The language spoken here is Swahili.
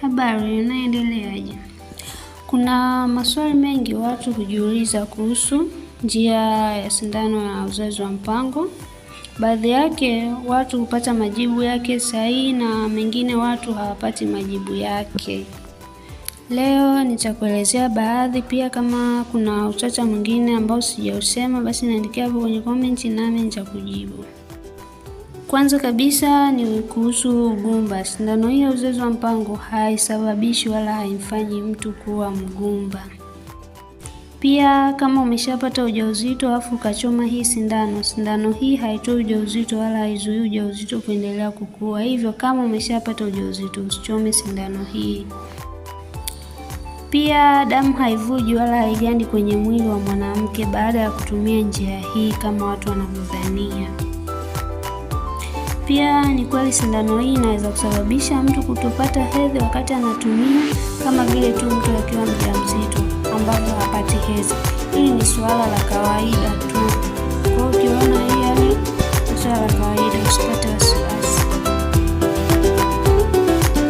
Habari, inaendeleaje Kuna maswali mengi watu hujiuliza kuhusu njia ya sindano ya uzazi wa mpango. Baadhi yake watu hupata majibu yake sahihi na mengine watu hawapati majibu yake. Leo nitakuelezea baadhi, pia kama kuna utata mwingine ambao sijausema, basi niandikia hapo kwenye komenti nami nitakujibu. Kwanza kabisa ni kuhusu ugumba. Sindano hii ya uzazi wa mpango haisababishi wala haimfanyi mtu kuwa mgumba. Pia kama umeshapata ujauzito alafu ukachoma hii sindano, sindano hii haitoi ujauzito wala haizuii ujauzito kuendelea kukua. Hivyo kama umeshapata ujauzito usichome sindano hii. Pia damu haivuji wala haigandi kwenye mwili wa mwanamke baada ya kutumia njia hii kama watu wanavyodhania. Pia ni kweli sindano hii inaweza kusababisha mtu kutopata hedhi wakati anatumia, kama vile tu mtu akiwa mjamzito ambapo hapati hedhi. Hili ni suala la kawaida.